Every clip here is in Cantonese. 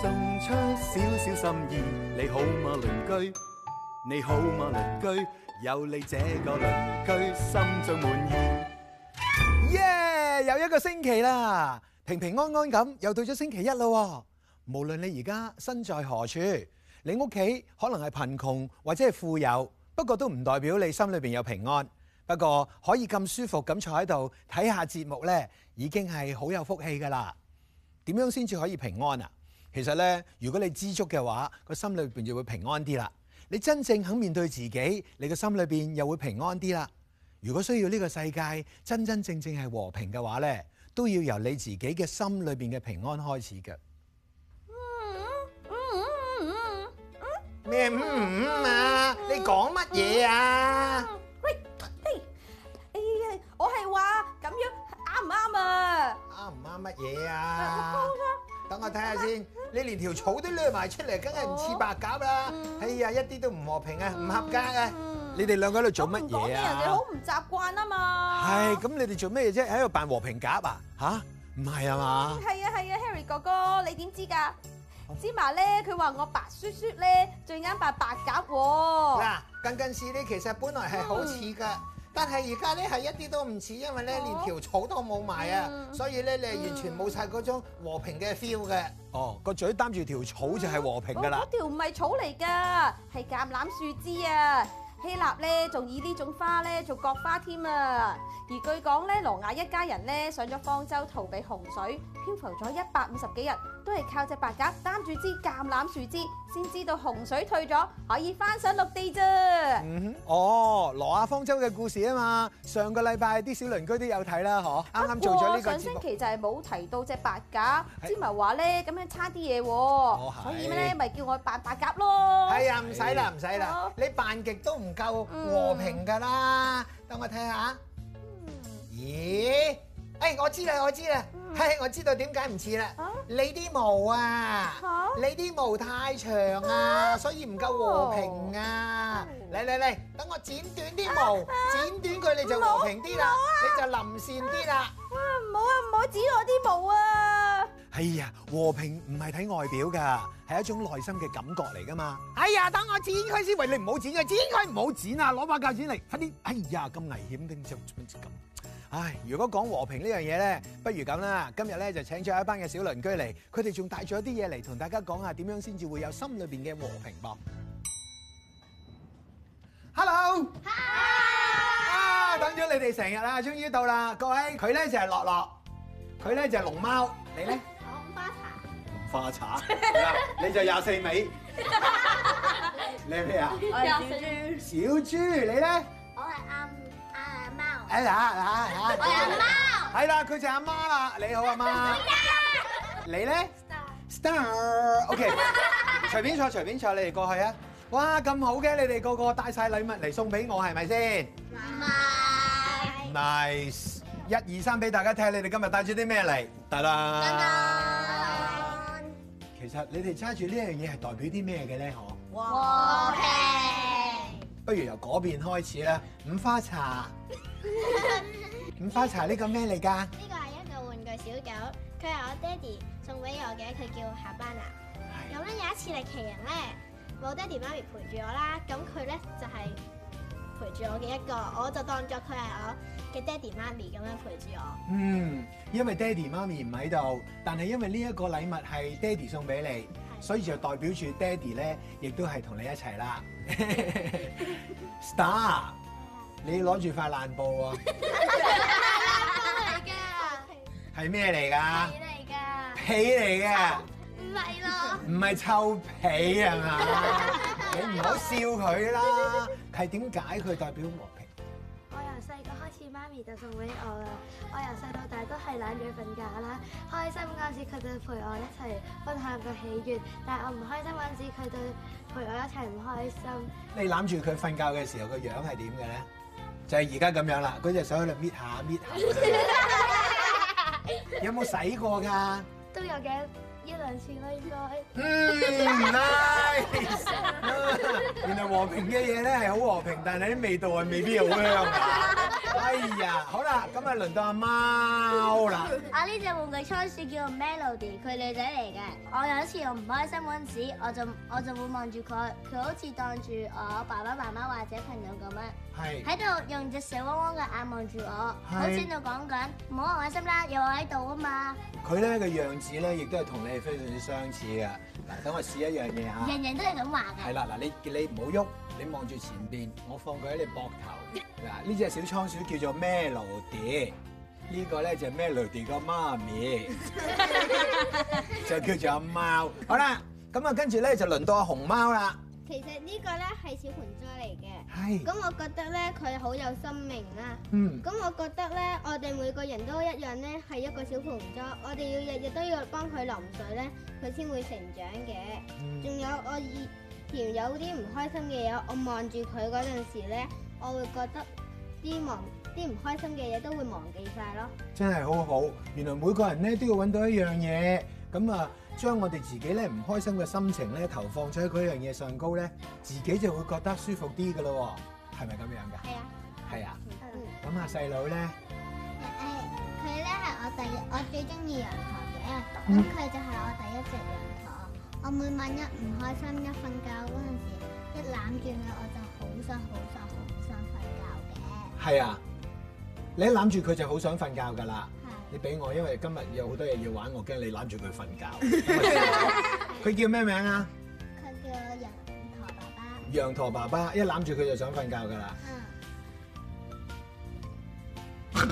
送出少少心意，你好嗎，鄰居？你好嗎，鄰居？有你這個鄰居，心中滿意。耶！又一個星期啦，平平安安咁，又到咗星期一啦。無論你而家身在何處，你屋企可能係貧窮或者係富有，不過都唔代表你心裏邊有平安。不過可以咁舒服咁坐喺度睇下節目呢，已經係好有福氣噶啦。點樣先至可以平安啊？其實咧，如果你知足嘅話，個心裏邊就會平安啲啦。你真正肯面對自己，你個心裏邊又會平安啲啦。如果需要呢個世界真真正正係和平嘅話咧，都要由你自己嘅心裏邊嘅平安開始嘅。咩啊？你講乜嘢啊？喂，我係話咁樣啱唔啱啊？啱唔啱乜嘢啊？等我睇下先，你連條草都掠埋出嚟，梗係唔似白鴿啦！哎呀，一啲都唔和平啊，唔合格啊！你哋兩個喺度做乜嘢啊？嗰啲人哋好唔習慣啊嘛！係咁，你哋做咩啫？喺度扮和平鴿啊？嚇，唔係啊嘛？係啊係啊，Harry 哥哥，你點知噶？芝麻咧，佢話我白説説咧，最啱扮白鴿喎。嗱，近近視咧其實本來係好似㗎。但係而家咧係一啲都唔似，因為咧、哦、連條草都冇埋啊，嗯、所以咧你係完全冇晒嗰種和平嘅 feel 嘅。哦，個、嗯、嘴擔住條草就係和平㗎啦、哦。我嗰條唔係草嚟㗎，係橄欖樹枝啊。希臘咧仲以呢種花咧做國花添啊！而據講咧，羅亞一家人咧上咗方舟逃避洪水，漂浮咗一百五十幾日，都係靠隻白鴿擔住枝橄欖樹枝，先知道洪水退咗，可以返上陸地啫。嗯哦，羅亞方舟嘅故事啊嘛，上個禮拜啲小鄰居都有睇啦，嗬。啱啱做咗呢個節目。上星期就係冇提到隻白鴿，之咪話咧咁樣差啲嘢，哦、所以咧咪叫我扮白鴿咯。係啊，唔使啦，唔使啦，你扮極都唔～夠和平噶啦，等、嗯、我睇下。咦、嗯？哎，我知啦，我知啦。嘿，我知道點解唔似啦。你啲毛啊，啊你啲毛太長啊，所以唔夠和平啊。嚟嚟嚟，等、嗯、我剪短啲毛，啊啊、剪短佢你就和平啲啦，啊、你就臨善啲啦。唔好啊，唔好、啊、剪我啲毛啊！哎呀，和平唔係睇外表噶，係一種內心嘅感覺嚟噶嘛。哎呀，等我剪佢先，喂，你唔好剪嘅，剪佢唔好剪啊！攞把鉸剪嚟，快啲！哎呀，咁危險，點做點解咁？唉，如果講和平呢樣嘢咧，不如咁啦，今日咧就請咗一班嘅小鄰居嚟，佢哋仲帶咗啲嘢嚟同大家講下點樣先至會有心裏邊嘅和平噃。Hello，啊，等咗你哋成日啦，終於到啦，各位，佢咧就係樂樂，佢咧就係龍貓，你咧？花茶，你就廿四尾，你係咩啊？我係小豬。小豬，你咧？我係阿阿阿貓。哎呀呀呀！我係阿貓。係啦，佢就阿媽啦。你好，阿媽。你咧？Star，Star，OK，隨便坐，隨便坐，你哋過去啊！哇，咁好嘅，你哋個個帶晒禮物嚟送俾我係咪先？Nice，一二三，俾大家睇，你哋今日帶咗啲咩嚟？嗒嗒。其實你哋揸住呢樣嘢係代表啲咩嘅咧？嗬，和平。不如由嗰邊開始啦，五花茶。 五花茶呢個咩嚟㗎？呢個係一個玩具小狗，佢係我爹哋送俾我嘅，佢叫夏班娜。咁咧有一次嚟奇行咧，冇爹哋媽咪陪住我啦，咁佢咧就係、是。陪住我嘅一個，我就當咗佢係我嘅爹哋媽咪咁樣陪住我。嗯，因為爹哋媽咪唔喺度，但係因為呢一個禮物係爹哋送俾你，的所以就代表住爹哋咧，亦都係同你一齊啦。 Star，的你攞住塊爛布喎，啊。係咩嚟噶？皮嚟噶。係嚟嘅皮嚟嘅。唔係咯。唔係臭皮係嘛？ 你唔好笑佢啦，係點解佢代表和平？我由細個開始，媽咪就送俾我啦。我由細到大都係攬住瞓覺啦。開心嗰陣時，佢對陪我一齊分享個喜悅；但係我唔開心嗰陣時，佢對陪我一齊唔開心。你攬住佢瞓覺嘅時候，個樣係點嘅咧？就係而家咁樣啦，佢隻手喺度搣下搣下。一下 有冇洗過㗎？都有嘅。一兩次啦，應該。嗯 ，nice。 原來和平嘅嘢咧，係好和平，但係啲味道啊，未必係好香。 哎呀，好啦，咁啊輪到阿貓啦。啊呢隻玩具倉鼠叫 Melody，佢女仔嚟嘅。我有一次我唔開心陣時，我就我就會望住佢，佢好似當住我爸爸媽媽或者朋友咁樣，係喺度用隻水汪汪嘅眼望住我，是好似喺度講緊唔好開心啦，又我喺度啊嘛。佢咧個樣子咧，亦都係同你係非常之相似嘅。嗱，等我試一樣嘢吓。人人都係咁話嘅。係啦，嗱你你唔好喐。你望住前邊，我放佢喺你膊頭。嗱，呢隻小倉鼠叫做 Melody，呢個咧就係 Melody 個媽咪，就叫做阿貓。好啦，咁啊，跟住咧就輪到阿熊貓啦。其實呢個咧係小盆栽嚟嘅，係。咁我覺得咧佢好有生命啦。嗯。咁我覺得咧，我哋每個人都一樣咧，係一個小盆栽，我哋要日日都要幫佢淋水咧，佢先會成長嘅。仲有我以。有啲唔開心嘅嘢，我望住佢嗰陣時咧，我會覺得啲忘啲唔開心嘅嘢都會忘記晒咯。真係好好，原來每個人咧都要搵到一樣嘢，咁啊，將我哋自己咧唔開心嘅心情咧投放咗喺嗰樣嘢上高咧，自己就會覺得舒服啲噶咯，係咪咁樣噶？係啊，係啊，咁啊細佬咧，係佢咧係我第我最中意羊駝嘅，咁佢就係我第一隻羊。我每晚一唔開心一瞓覺嗰陣時，一攬住佢我就好想好想好想瞓覺嘅。係啊，你一攬住佢就好想瞓覺噶啦。你俾我，因為今日有好多嘢要玩，我驚你攬住佢瞓覺。佢叫咩名啊？佢叫羊駝爸爸。羊駝爸爸一攬住佢就想瞓覺噶啦。嗯，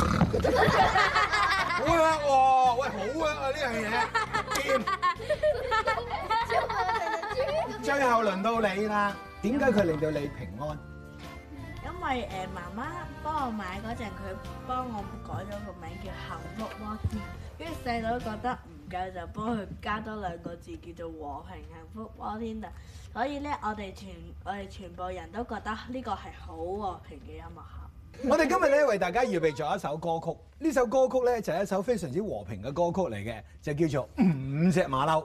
好啦，喎，喂，好啊啊呢樣嘢，掂。最後輪到你啦，點解佢令到你平安？因為誒媽媽幫我買嗰陣，佢幫我改咗個名叫幸福摩天。跟住細佬覺得唔夠，就幫佢加多兩個字叫做和平幸福摩天塔。所以咧，我哋全我哋全部人都覺得呢個係好和平嘅音樂盒。我哋今日咧為大家預備咗一首歌曲，呢首歌曲咧就係一首非常之和平嘅歌曲嚟嘅，就叫做《五隻馬騮》。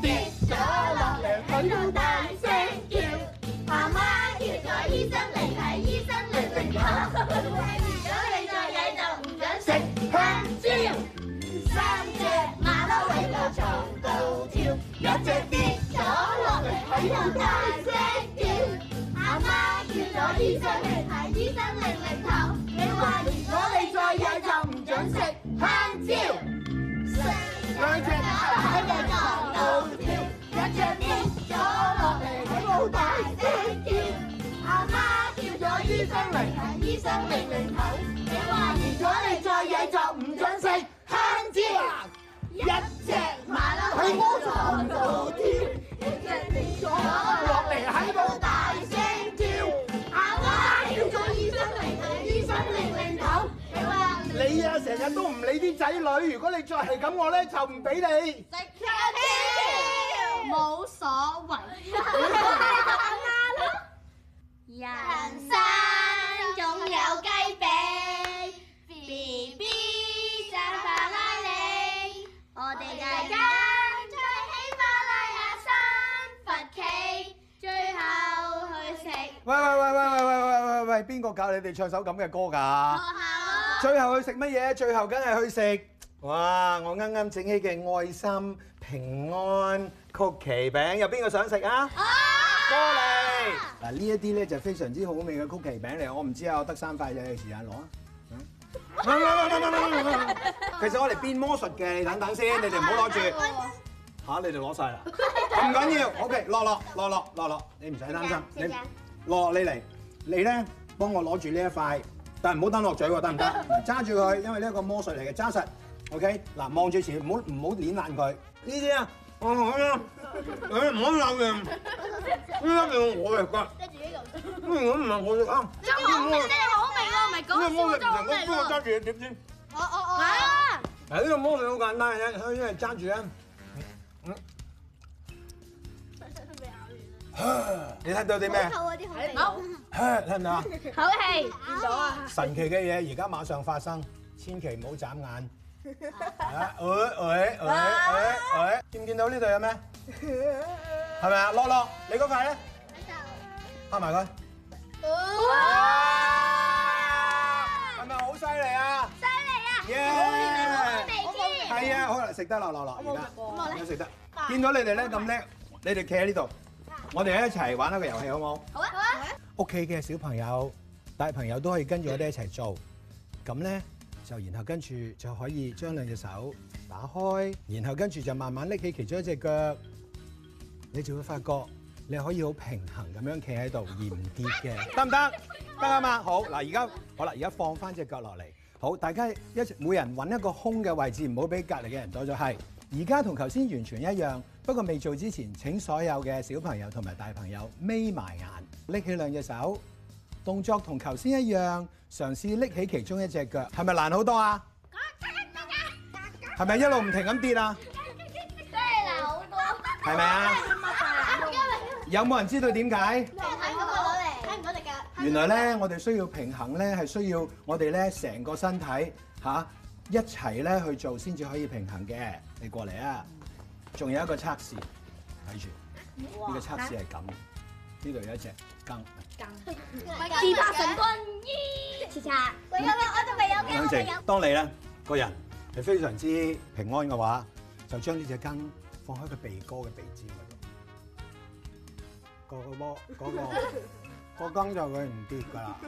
大聲叫，阿媽叫咗醫生嚟睇，醫生擰擰頭，你話如果你再曳就唔准食香蕉。四日 兩隻馬騮喺床度跳，一隻跌咗落嚟喺屋大聲叫。阿媽，媽叫咗醫生嚟睇，啊，醫生擰擰頭，你話如果你再曳就唔准食香蕉。一隻馬騮喺床度跳。仔女，如果你再係咁，我咧就唔俾你食啲，冇所謂。我係阿媽咯。人生總有雞髀，BB 揸法拉利，我哋大家在喜馬拉雅山發起，最後去食。喂喂喂喂喂喂喂喂，邊個教你哋唱首咁嘅歌㗎？最後去食乜嘢？最後梗係去食，哇！我啱啱整起嘅愛心平安曲奇餅，有邊個想食啊？過嚟嗱，呢一啲咧就非常之好味嘅曲奇餅嚟，我唔知啊，我得三塊，有時間攞啊。唔唔唔唔唔唔唔，其實我嚟變魔術嘅，你等等先，你哋唔好攞住吓，你哋攞晒啦，唔緊要。OK，落落落落落落，你唔使擔心，你落，你嚟，你咧幫我攞住呢一塊。但唔好打落嘴喎，得唔得？揸住佢，因為呢一個魔術嚟嘅，揸實。OK，嗱，望住前，唔好唔好攣爛佢。呢啲啊，我唔好嘅，唔好爛嘅，呢啲係我嚟㗎。嗯，我唔係我嚟㗎。張學明，你又唔好明喎，唔係講張學明。幫我揸住點先？哦哦哦。係啊，呢個魔術好簡單嘅，佢因為揸住啊。你睇到啲咩？好，聽唔聽到啊？好氣，邊手啊？神奇嘅嘢而家馬上發生，千祈唔好眨眼。喂喂喂喂喂，見唔見到呢度有咩？係咪啊？樂樂，你嗰塊咧？睇下佢。拍埋佢。哇！係咪好犀利啊？犀利啊！好面，好面，好面。係啊，好啦，食得落落落。我冇食過。咁啊？食得。見到你哋咧咁叻，你哋企喺呢度。我哋一齊玩一個遊戲好冇？啊？好啊，好啊。屋企嘅小朋友、大朋友都可以跟住我哋一齊做。咁咧就然後跟住就可以將兩隻手打開，然後跟住就慢慢拎起其中一隻腳，你就會發覺你可以好平衡咁樣企喺度而唔跌嘅，得唔得？得啊嘛。好、啊，嗱而家好啦，而家放翻隻腳落嚟。好，大家一每人搵一個空嘅位置，唔好俾隔離嘅人多咗係。而家同頭先完全一樣。不過未做之前，請所有嘅小朋友同埋大朋友眯埋眼，拎起兩隻手，動作同頭先一樣，嘗試拎起其中一隻腳，係咪難好多啊？係咪一路唔停咁跌啊？係咪啊？有冇人知道點解？睇唔到隻腳。原來咧，我哋需要平衡咧，係需要我哋咧成個身體嚇一齊咧去做先至可以平衡嘅。你過嚟啊！仲有一個測試，睇住呢個測試係咁嘅，呢度有一隻羹。羹嗯、自拍神棍。耶！切切、嗯，我有嘅，嗯、我仲未有。當你咧個人係非常之平安嘅話，就將呢隻羹放喺佢鼻哥嘅鼻尖嗰度。嗰、嗰個窩，嗰、嗰個，嗰個嗰個羹就佢唔跌㗎啦。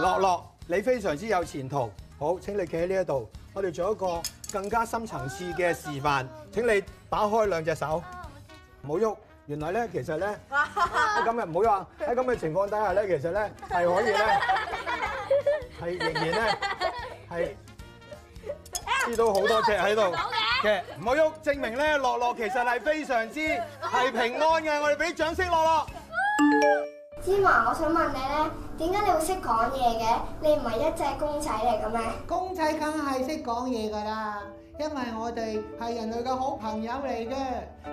落落，你非常之有前途。好，請你企喺呢一度，我哋做一個更加深層次嘅示範。請你打開兩隻手，唔好喐。原來咧，其實咧，喺咁嘅唔好喐啊！喺咁嘅情況底下咧，其實咧係可以咧，係仍然咧係知到好多隻喺度嘅，唔好喐。證明咧，樂樂其實係非常之係平安嘅。我哋俾掌聲樂樂。芝麻，我想問你咧。點解你會識講嘢嘅？你唔係一隻公仔嚟嘅咩？公仔梗係識講嘢噶啦，因為我哋係人類嘅好朋友嚟嘅。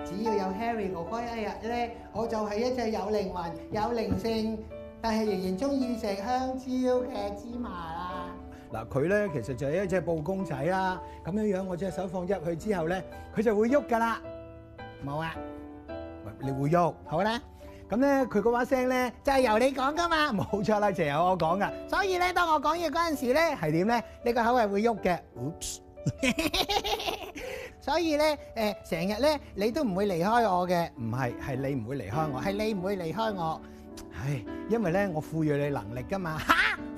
只要有 Harry 哥哥一日咧，我就係一隻有靈魂、有靈性，但係仍然中意食香蕉嘅芝麻啦。嗱，佢咧其實就係一隻布公仔啦。咁樣樣，我隻手放入去之後咧，佢就會喐噶啦。冇啊，喂，你會喐，好啦。咁咧，佢嗰把聲咧，就係、是、由你講噶嘛，冇錯啦，成、就是、由我講噶。所以咧，當我講嘢嗰陣時咧，係點咧？你個口係會喐嘅。Oops. 所以咧，誒、呃，成日咧，你都唔會離開我嘅。唔係，係你唔會離開我，係、嗯、你唔會離開我。唉， 因為咧，我賦予你能力噶嘛。嚇，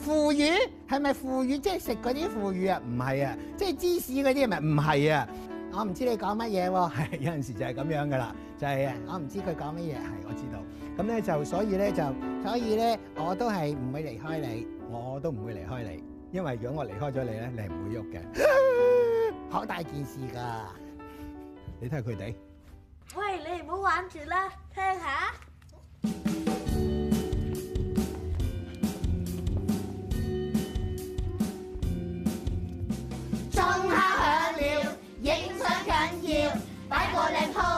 賦 予？係咪賦予？即係食嗰啲賦予啊？唔係啊，即係芝士嗰啲係咪？唔係啊。我唔知你講乜嘢喎。有陣時就係咁樣噶啦，就係、是、啊。 我唔知佢講乜嘢，係我知道。咁咧就所以咧就所以咧我都係唔會離開你，我都唔會離開你，因為如果我離開咗你咧，你係唔會喐嘅，好大件事噶。你睇下佢哋，喂，你唔好玩住啦，聽下。鐘敲響了，影相緊要，擺個靚 pose。